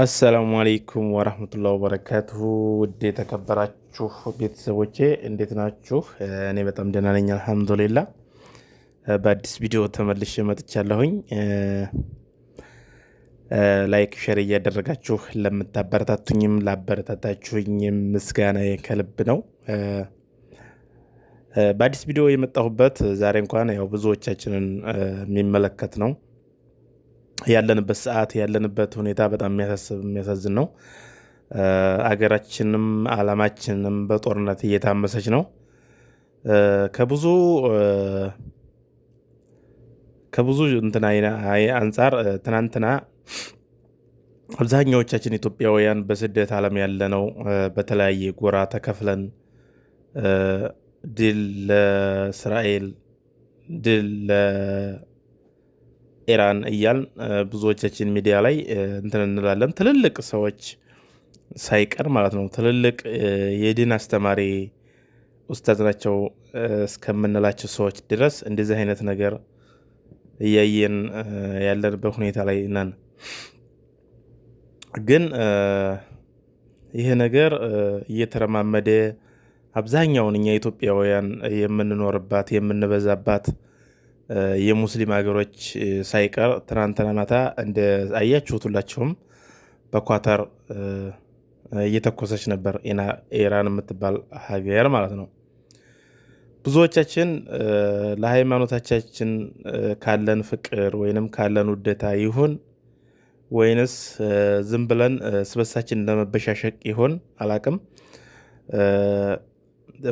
አሰላሙ አሌይኩም ወረህመቱላህ ወበረካቱሁ ውድ የተከበራችሁ ቤተሰቦቼ እንዴት ናችሁ? እኔ በጣም ደህና ነኝ አልሐምዱሊላ። በአዲስ ቪዲዮ ተመልሼ መጥቻለሁኝ። ላይክ ሼር እያደረጋችሁ ለምታበረታቱኝም ላበረታታችሁኝም ምስጋና ከልብ ነው። በአዲስ ቪዲዮ የመጣሁበት ዛሬ እንኳን ያው ብዙዎቻችንን የሚመለከት ነው ያለንበት ሰዓት ያለንበት ሁኔታ በጣም የሚያሳስብ የሚያሳዝን ነው። አገራችንም አላማችንም በጦርነት እየታመሰች ነው። ከብዙ ከብዙ እንትና አንጻር ትናንትና አብዛኛዎቻችን ኢትዮጵያውያን በስደት ዓለም ነው በተለያየ ጎራ ተከፍለን ድል ለእስራኤል ድል ኢራን እያልን ብዙዎቻችን ሚዲያ ላይ እንትን እንላለን። ትልልቅ ሰዎች ሳይቀር ማለት ነው ትልልቅ የዲን አስተማሪ ኡስታዝ ናቸው እስከምንላቸው ሰዎች ድረስ እንደዚህ አይነት ነገር እያየን ያለንበት ሁኔታ ላይ ነን። ግን ይሄ ነገር እየተረማመደ አብዛኛውን እኛ ኢትዮጵያውያን የምንኖርባት የምንበዛባት የሙስሊም ሀገሮች ሳይቀር ትናንትና ማታ እንደ አያችሁት ሁላችሁም በኳተር እየተኮሰች ነበር ኢራን የምትባል ሀገር ማለት ነው። ብዙዎቻችን ለሃይማኖታችን ካለን ፍቅር ወይንም ካለን ውደታ ይሁን ወይንስ ዝም ብለን ስበሳችን ለመበሻሸቅ ይሆን አላቅም።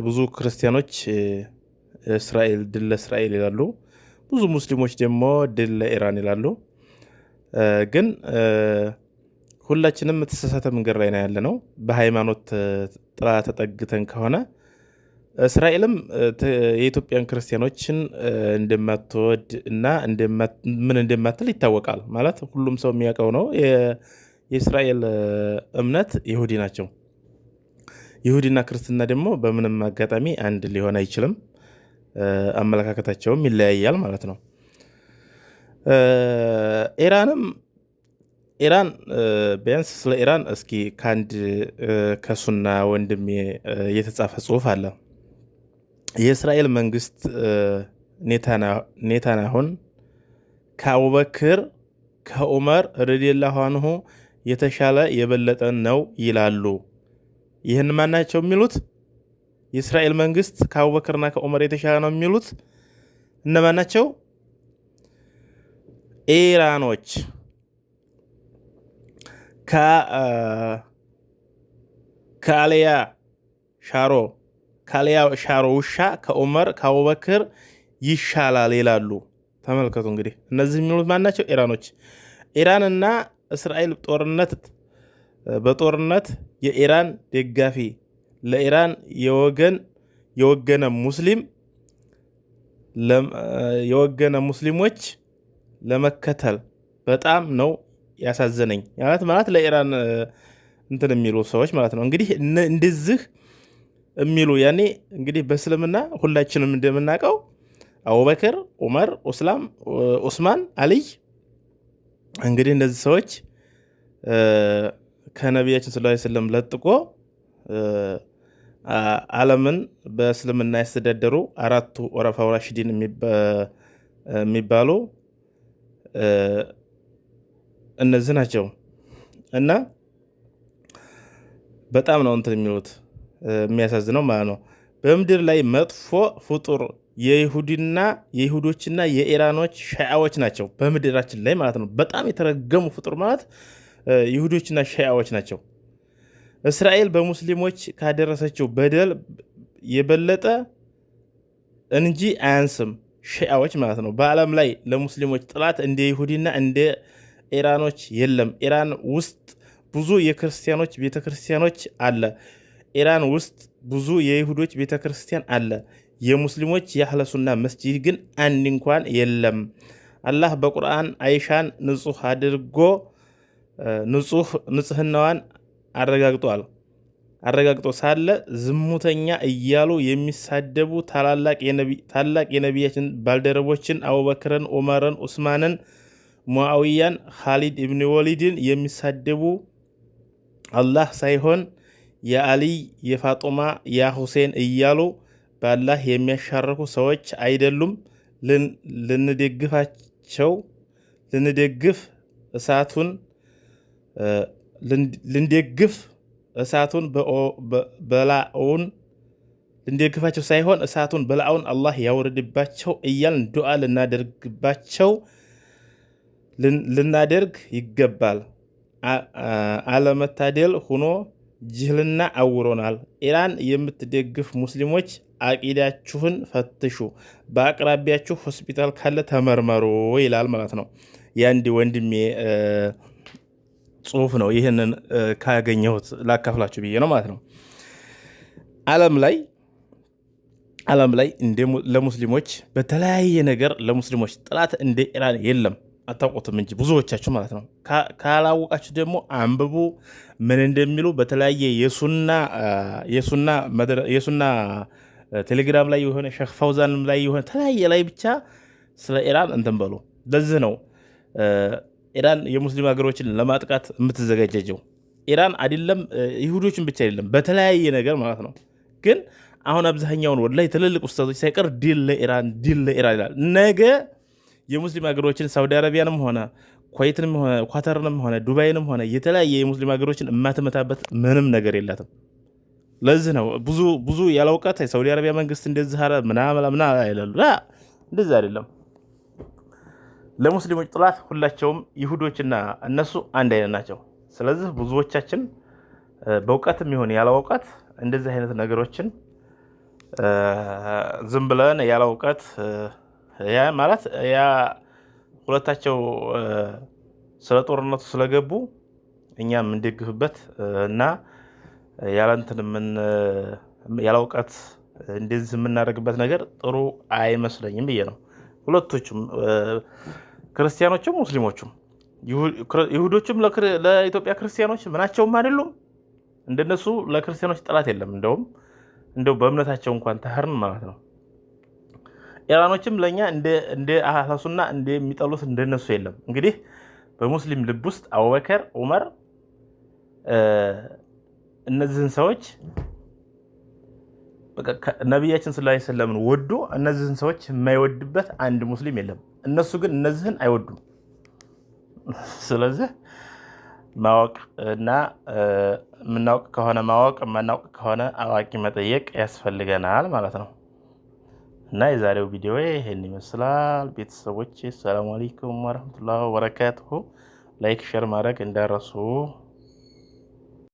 ብዙ ክርስቲያኖች እስራኤል ድል ለእስራኤል ይላሉ። ብዙ ሙስሊሞች ደግሞ ድል ለኢራን ይላሉ። ግን ሁላችንም የተሳሳተ መንገድ ላይ ነው ያለ ነው። በሃይማኖት ጥላ ተጠግተን ከሆነ እስራኤልም የኢትዮጵያን ክርስቲያኖችን እንደማትወድ እና ምን እንደማትል ይታወቃል። ማለት ሁሉም ሰው የሚያውቀው ነው። የእስራኤል እምነት ይሁዲ ናቸው። ይሁዲና ክርስትና ደግሞ በምንም አጋጣሚ አንድ ሊሆን አይችልም። አመለካከታቸውም ይለያያል ማለት ነው። ኢራንም ኢራን ቢያንስ ስለ ኢራን እስኪ ከአንድ ከሱና ወንድሜ የተጻፈ ጽሁፍ አለ። የእስራኤል መንግስት ኔታንያሁን ከአቡበክር ከኡመር ረዲየላሁ አንሁ የተሻለ የበለጠ ነው ይላሉ። ይህን ማናቸው የሚሉት የእስራኤል መንግስት ከአቡበክርና ከዑመር የተሻለ ነው የሚሉት እነማን ናቸው? ኢራኖች ከአልያ ሻሮ ከአልያ ሻሮ ውሻ ከዑመር ከአቡበክር ይሻላል ይላሉ። ተመልከቱ እንግዲህ እነዚህ የሚሉት ማን ናቸው? ኢራኖች። እና እስራኤል ጦርነት በጦርነት የኢራን ደጋፊ ለኢራን የወገን የወገነ ሙስሊም የወገነ ሙስሊሞች ለመከተል በጣም ነው ያሳዘነኝ ማለት ማለት ለኢራን እንትን የሚሉ ሰዎች ማለት ነው። እንግዲህ እንደዚህ የሚሉ ያኔ እንግዲህ በእስልምና ሁላችንም እንደምናውቀው አቡበክር፣ ዑመር፣ ኡስላም፣ ኡስማን፣ አልይ እንግዲህ እነዚህ ሰዎች ከነቢያችን ስለ ስለም ለጥቆ ዓለምን በእስልምና ያስተዳደሩ አራቱ ወረፋ ራሽዲን የሚባሉ እነዚህ ናቸው እና በጣም ነው እንትን የሚሉት የሚያሳዝነው ማለት ነው። በምድር ላይ መጥፎ ፍጡር የይሁዲና የይሁዶችና የኢራኖች ሻያዎች ናቸው። በምድራችን ላይ ማለት ነው። በጣም የተረገሙ ፍጡር ማለት ይሁዶችና ሻያዎች ናቸው። እስራኤል በሙስሊሞች ካደረሰችው በደል የበለጠ እንጂ አያንስም። ሺዓዎች ማለት ነው። በዓለም ላይ ለሙስሊሞች ጥላት እንደ ይሁዲና እንደ ኢራኖች የለም። ኢራን ውስጥ ብዙ የክርስቲያኖች ቤተክርስቲያኖች አለ። ኢራን ውስጥ ብዙ የይሁዶች ቤተክርስቲያን አለ። የሙስሊሞች ያህለሱና መስጂድ ግን አንድ እንኳን የለም። አላህ በቁርአን አይሻን ንጹህ አድርጎ ንጽህናዋን ። አረጋግጧል አረጋግጦ ሳለ ዝሙተኛ እያሉ የሚሳደቡ ታላቅ የነቢያችን ባልደረቦችን አቡበክርን፣ ዑመርን፣ ኡስማንን፣ ሙአውያን፣ ካሊድ ኢብን ወሊድን የሚሳደቡ አላህ ሳይሆን የአሊይ፣ የፋጡማ፣ የሁሴን እያሉ በአላህ የሚያሻርኩ ሰዎች አይደሉም። ልንደግፋቸው ልንደግፍ እሳቱን ልንደግፍ እሳቱን በላውን ልንደግፋቸው ሳይሆን እሳቱን በላውን አላህ ያወርድባቸው እያልን ዱዓ ልናደርግባቸው ልናደርግ ይገባል። አለመታደል ሆኖ ጅህልና አውሮናል። ኢራን የምትደግፍ ሙስሊሞች አቂዳችሁን ፈትሹ፣ በአቅራቢያችሁ ሆስፒታል ካለ ተመርመሩ ይላል ማለት ነው የአንድ ወንድሜ ጽሁፍ ነው። ይህንን ካገኘሁት ላካፍላችሁ ብዬ ነው ማለት ነው። ዓለም ላይ ዓለም ላይ ለሙስሊሞች በተለያየ ነገር ለሙስሊሞች ጥላት እንደ ኢራን የለም። አታውቁትም እንጂ ብዙዎቻችሁ ማለት ነው። ካላወቃችሁ ደግሞ አንብቡ፣ ምን እንደሚሉ በተለያየ የሱና ቴሌግራም ላይ የሆነ ሸክ ፋውዛንም ላይ የሆነ ተለያየ ላይ ብቻ ስለ ኢራን እንትን በሉ። ለዚህ ነው ኢራን የሙስሊም ሀገሮችን ለማጥቃት የምትዘጋጀጀው ኢራን አይደለም ይሁዶችን ብቻ አይደለም በተለያየ ነገር ማለት ነው። ግን አሁን አብዛኛውን ወደ ላይ ትልልቅ ውስታቶች ሳይቀር ዲል ለኢራን ዲል ለኢራን ይላል። ነገ የሙስሊም ሀገሮችን ሳውዲ አረቢያንም ሆነ ኳይትንም ሆነ ኳተርንም ሆነ ዱባይንም ሆነ የተለያየ የሙስሊም ሀገሮችን የማትመታበት ምንም ነገር የላትም። ለዚህ ነው ብዙ ብዙ ያላውቃት የሳውዲ አረቢያ መንግስት እንደዚህ ምናምን ምናምን አይላሉ። እንደዚህ አይደለም። ለሙስሊሞች ጥላት ሁላቸውም ይሁዶችና እነሱ አንድ አይነት ናቸው። ስለዚህ ብዙዎቻችን በእውቀትም ይሆን ያለ እውቀት እንደዚህ አይነት ነገሮችን ዝም ብለን ያለ እውቀት ማለት ያ ሁለታቸው ስለ ጦርነቱ ስለገቡ እኛ የምንደግፍበት እና ያለንትን ያለ እውቀት እንደዚህ የምናደርግበት ነገር ጥሩ አይመስለኝም ብዬ ነው ሁለቶቹም ክርስቲያኖችም ሙስሊሞችም ይሁዶችም ለኢትዮጵያ ክርስቲያኖች ምናቸውም አይደሉም። እንደነሱ ለክርስቲያኖች ጠላት የለም። እንደውም እንደው በእምነታቸው እንኳን ተህርን ማለት ነው። ኢራኖችም ለእኛ እንደ አሳሱና እንደሚጠሉት እንደነሱ የለም። እንግዲህ በሙስሊም ልብ ውስጥ አቡበከር፣ ዑመር እነዚህን ሰዎች ነቢያችን ስላ ሰለምን ወዶ እነዚህን ሰዎች የማይወድበት አንድ ሙስሊም የለም። እነሱ ግን እነዚህን አይወዱም። ስለዚህ ማወቅ እና የምናውቅ ከሆነ ማወቅ የማናውቅ ከሆነ አዋቂ መጠየቅ ያስፈልገናል ማለት ነው። እና የዛሬው ቪዲዮ ይህን ይመስላል። ቤተሰቦች ሰላሙ አለይኩም ወረሕመቱላሂ ወበረካቱሁ። ላይክ ሸር ማድረግ እንዳረሱ